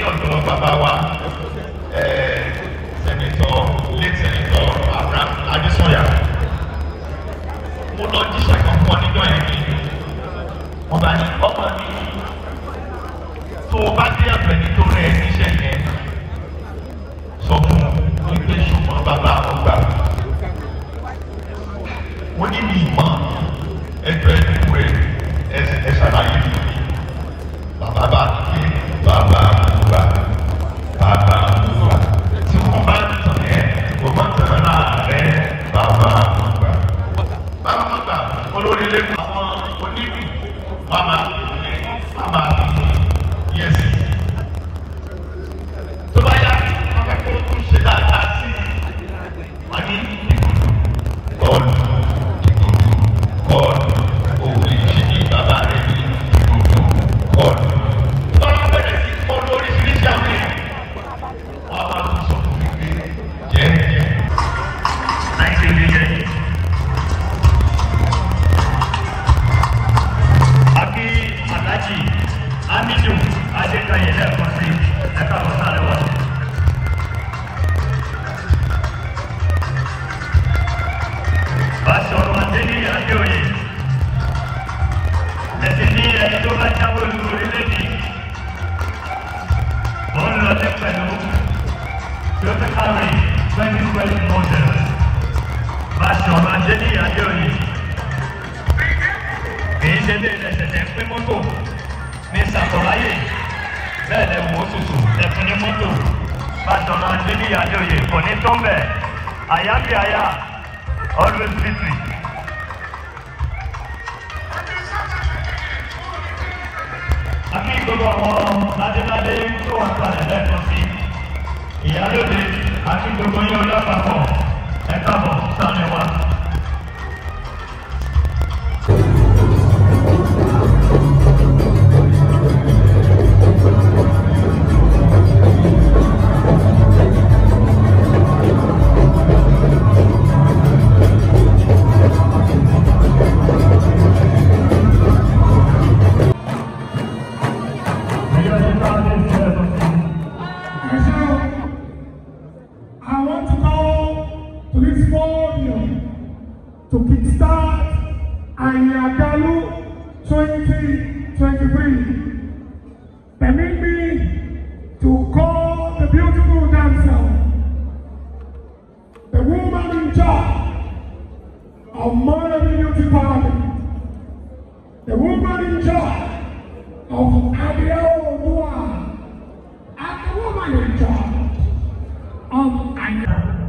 ní ọ̀dọ̀ bàbá wa sẹ́nitọ̀ late sẹ́nitọ̀ Abraham Adésọ̀yà mo lọ jíṣẹ́ kan fún ọ níjọ́ yẹn ni wọ́n bá ní ọmọ mi tó o bá dé àgbẹ̀ nítorí ẹ̀ níṣẹ́ yẹn. olórí lẹ́kùn àwọn oníbì mama mama. Dr. Carey, Twenty Square Motors, Fashion Anjeli Adeoye. Kìí ṣe lé ẹsẹ̀tẹ̀ pín mọ́tò ní Sàkọ̀láyè. Bẹ́ẹ̀ lẹ wò ó tutù ẹ̀fún ní mọ́tò. Fashion Anjeli Adeoye kò ní tó ń bẹ̀. Àyà bí àyà, always busy. Akíkọ̀ọ́ àwọn adéladé tó wà kalẹ̀ lẹ́kọ̀ọ́ sí ìyálóde àti gbogbo yín ọlọ́pàá pọ̀ ẹ káàbọ̀ sálẹ̀ wa. This Resolve to kickstart Ayakalu 2023. Permit me to call the beautiful damsel, the woman in charge of Modern Beauty party, the woman in charge of Abia Odua, and the woman in charge of Ayakalu.